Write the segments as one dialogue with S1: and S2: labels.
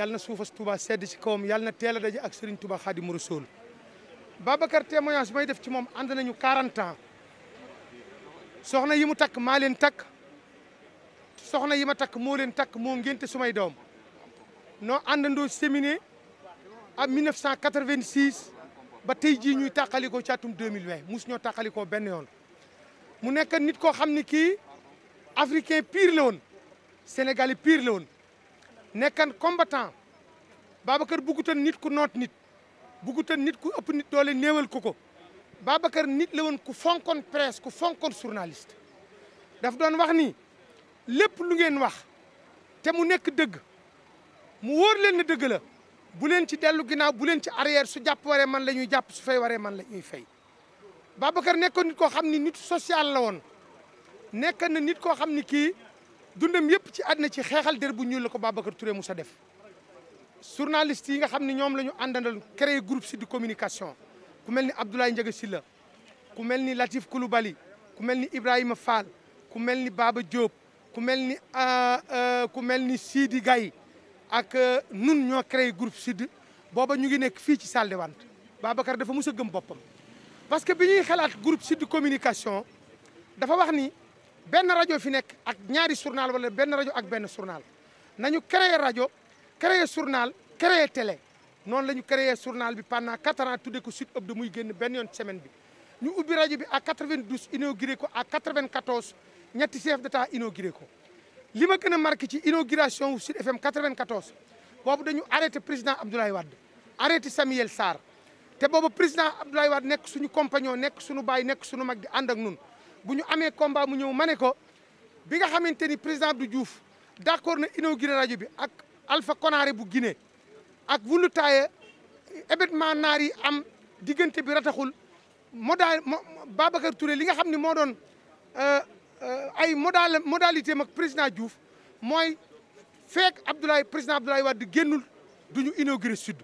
S1: yàlla na suufas Touba sedd ci kawam yàlla na teel a daje ak Serigne Touba Xaadimu Rasuul Babacar témoignage bi may def ci moom ànd nañu 40 ans soxna yi mu takk maa leen takk soxna yi ma takk moo leen takk moo ngénte sumay doom noo àndandoo séminé ab 1986 ba tey jii ñuy tàqalikoo ci atum 2020 mus ñoo tàqalikoo benn yoon mu nekk nit koo xam ni kii africain piir la woon sénégalais piir la woon nekkan combattant Babacar buggutan nit ku noot nit buggutan nit ku ëpp nit doole néewal ko ko Babacar nit la woon ku fonkoon presse ku fonkoon surnalist daf doon wax ni lépp lu ngeen wax te mu nekk dëgg mu wóor leen ne dëgg la bu leen ci dellu ginnaaw bu leen ci arrière su jàpp waree man la ñuy jàpp su fay waree man la ñuy fay Babacar nekkoon nit ko xam ni nit social la woon nekk na nit koo xam ni kii dundam yëpp ci àddina ci xeexal der bu ñuul la ko Babacar Touré musa def journaliste yi nga xam ne ñoom la ñu àndandal créé groupe si di communication ku mel ni Abdoulaye Ndiaga Sylla ku mel ni Latif Coulibaly ku mel ni Ibrahima Fall ku mel ni baaba Diop ku mel ni euh, euh, ku mel ni Sidi Gaye ak nun euh, ñoo créé groupe sud booba ñu ngi nekk fii ci salle de vente Babacar dafa mus a gëm boppam parce que bi ñuy xalaat groupe sud communication dafa wax ni benn rajo fi nekk ak ñaari journal wala benn rajo ak benn journal nañu créer rajo créer journal créer télé noonu la ñu créer journal bi pendant quatre ans tuddee ko Sud Hebdo muy génn benn yoon semaine bi ñu ubbi rajo bi à 92 inauguré ko à 94 ñetti chef d'état inauguré ko li ma gën a marqué ci inauguration wu Sud FM 94 boobu dañu arrêté président Abdoulaye Wade arrêté Samuel Sarr te boobu président Abdoulaye Wade nekk suñu compagnon nekk suñu baay nekk suñu mag di ànd ak nun bu ñu amee combat mu ñëw ma ne ko bi nga xamante ni président Abdou Diouf d'accord na inauguré rajo bi ak Alpha Konaré bu Guinée ak Wulu Taaye événement naar yi am diggante bi rataxul moda Babacar Touré li nga xam ne moo doon euh, euh, ay modal modalité mag président Diouf mooy feek Abdoulaye président waat Wade génnul du ñu inauguré sud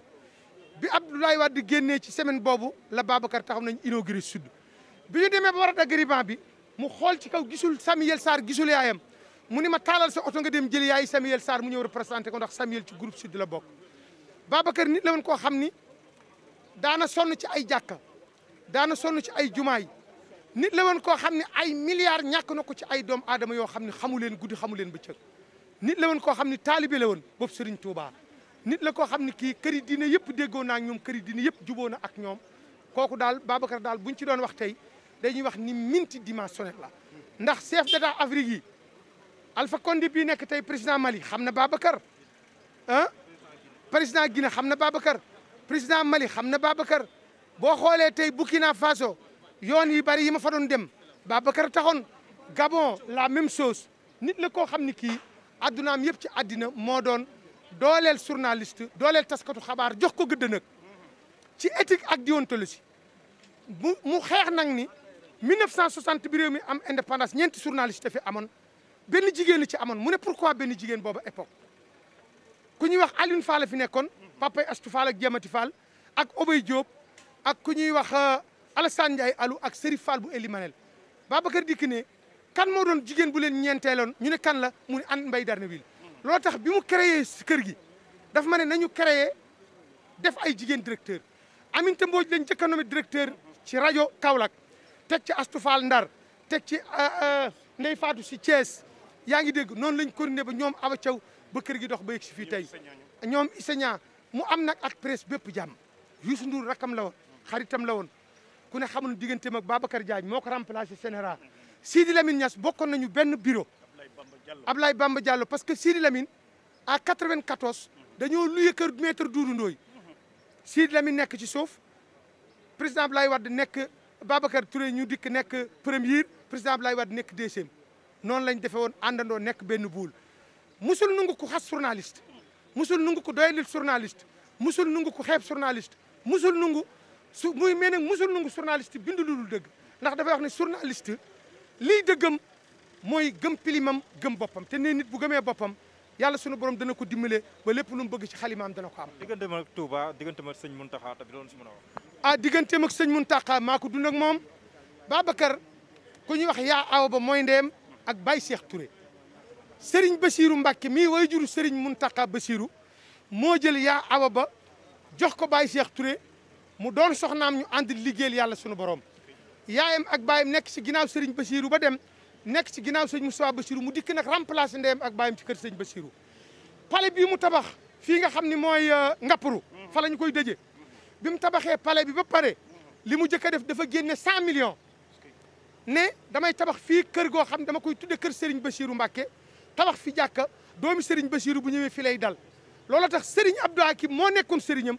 S1: bi waat Wade génnee ci semaine boobu la Babacar taxaw nañ inauguré sud bi ñu demee ba war a dagg ruban bi mu xool ci kaw gisul Samuel Sarr gisul yaayam mu ni ma taalal sa oto nga dem jëli yaay Samuel Sarr mu ñëw représenté ko ndax Samuel ci groupe sud la bokk. Babacar nit la woon koo xam ni daana sonn ci ay jàkka daana sonn ci ay jumaay nit la woon koo xam ne ay milliards ñàkk na ko ci ay doom aadama yoo xam ne xamu leen guddi xamu leen bëccëg nit la woon koo xam ne taalibe la woon boobu Serigne Touba. nit la koo xam ne kii këri diine yëpp déggoo naa ak ñoom këri yëpp juboo na ak ñoom kooku daal Babacar daal buñ ci doon wax tey. dañuy wax ni multidimensionnel la ndax chef d'état Afrique yi Alpha Condé bii nekk tey président Mali xam na Babacar ah président Guinée xam na Babacar président Mali xam na Babacar boo xoolee tey Burkina Faso yoon yi bari yi ma fa doon dem Babacar taxoon Gabon la même chose nit la koo xam ni kii addunaam yëpp ci àddina moo doon dooleel journaliste dooleel taskatu xabaar jox ko gëdd nag ci éthique ak déontologie mu mu xeex nag ni 1960 bi réew mi am indépendance ñeenti journaliste fi amoon benn jigéen li ci amoon mu ne pourquoi benn jigéen booba époque ku ñuy wax Alioune Fall fi nekkoon papay Astou Fall ak Jéemati Fall ak Obay Diop ak ku ñuy wax euh, Alassane Ndiaye Alou ak Serif Fall bu Elimanel Babacar dikk ne kan moo doon jigéen bu leen ñeenteeloon ñu ne kan la mu an mbay darne wil loo tax bi mu créé si kër gi dafa ma ne nañu créé def ay jigéen directeur Aminata Mbodj lañ njëkk a nommé directeur ci rajo Kaolack teg ci astufaal ndar teg ci euh, euh, ndey faatu si Thiès yaa ngi dégg noonu lañ continué ba ñoom Aba Thiaw ba kër gi dox ba yegg si fii tey ñoom Issaña mu am nag ak presse bépp jàmm Youssou Ndour rakkam la woon xaritam la woon ku ne xamul digganteem ak Babacar Diagne moo ko remplacé général Sidi Lamine Niass bokkoon nañu benn biro ab Ablaye Bamba Diallo parce que Sidi Lamine à 94 dañoo luye kër maître Doudou Ndoye mmh. Sidi Lamine nekk ci suuf président Ablaye Wade nekk Babacar Touré ñu dikk nekk premier président Abdoulaye Wade nekk deuxième noonu lañ defee woon àndandoo nekk benn buul musul nungu ko xas surnalist musul nungu ko doylil journaliste musul nungu ko xeeb journaliste musul nungu su muy mais nag musul nungu journaliste bindu lul dëgg ndax dafay wax ne journaliste liy dëggam mooy gëm pilimam gëm boppam te ne nit bu gëmee boppam yàlla sunu borom dana ko dimbale ba lépp lu bëgg ci xalimaam dana ko am. diggante ma bi doon si mën a ah digganteem ak sëñ mun maa ko dund ak moom Babacar ko ñuy wax yaa aw ba mooy ndeem ak Baye Cheikh Touré Serigne Bassirou Mbacke mii way juru mun Muntaxa Bassirou moo jël yaa awa ba jox ko Baye Cheikh Touré mu doon soxnaam ñu ànd liggéeyal yàlla sunu borom yaayam ak baay nekk ci ginnaaw sëriñ basiiru ba dem nekk ci ginnaaw sëñ Moussa Bassirou mu dikk nag remplacer ndeyam ak baayam ci kër sëñ Bassirou pale bii mu tabax fii nga xam ni mooy euh, ngapparu fa la ñu koy dëjee bi mu tabaxee pale bi ba pare li mu njëkk def dafa génne cent million ne damay tabax fii kër goo xam dama koy tudde kër Serigne Bassirou Mbacké tabax fi jàkka doomi Serigne Bassirou bu ñëwee fi lay dal looloo tax Serigne Abdou Hakim moo nekkoon Serignam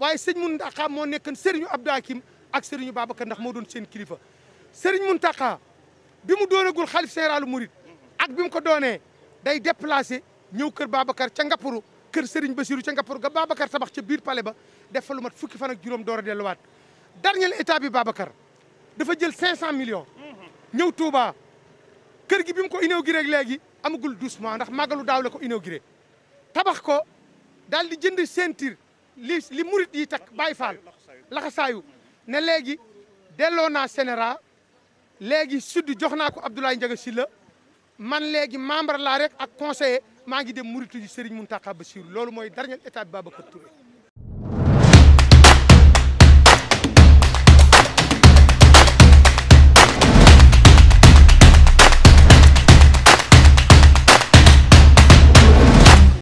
S1: waaye sëñ Mountakha moo nekkoon Serigne Abdou Hakim ak sëriñu Babacar ndax moo doon seen kilifa Serigne Mountakha bi mu doonagul xalif général Mouride ak bi mu ko doonee day déplacé ñëw kër Babacar ca Ngaparou kër Serigne Bassirou ca Ngaparou ga Babacar tabax ca biir palais ba defalu mat fukki fan ak juróom door a delluwaat dernier état bi Babacar dafa jël 500 millions. ñëw Touba kër gi bim ko inauguré ak léegi amagul doucement ndax màggalu daaw la ko inauguré tabax ko daal di jënd ceinture li li murit yi takk Baay Faal laxasaayu ne léegi delloo naa sénéra léegi sud jox naa ko Abdoulaye Ndiaga Sylla man léegi membre laa rek ak conseiller maa ngi dem muritu ji Serigne Mountakha Bassirou loolu mooy dernier état bi Babacar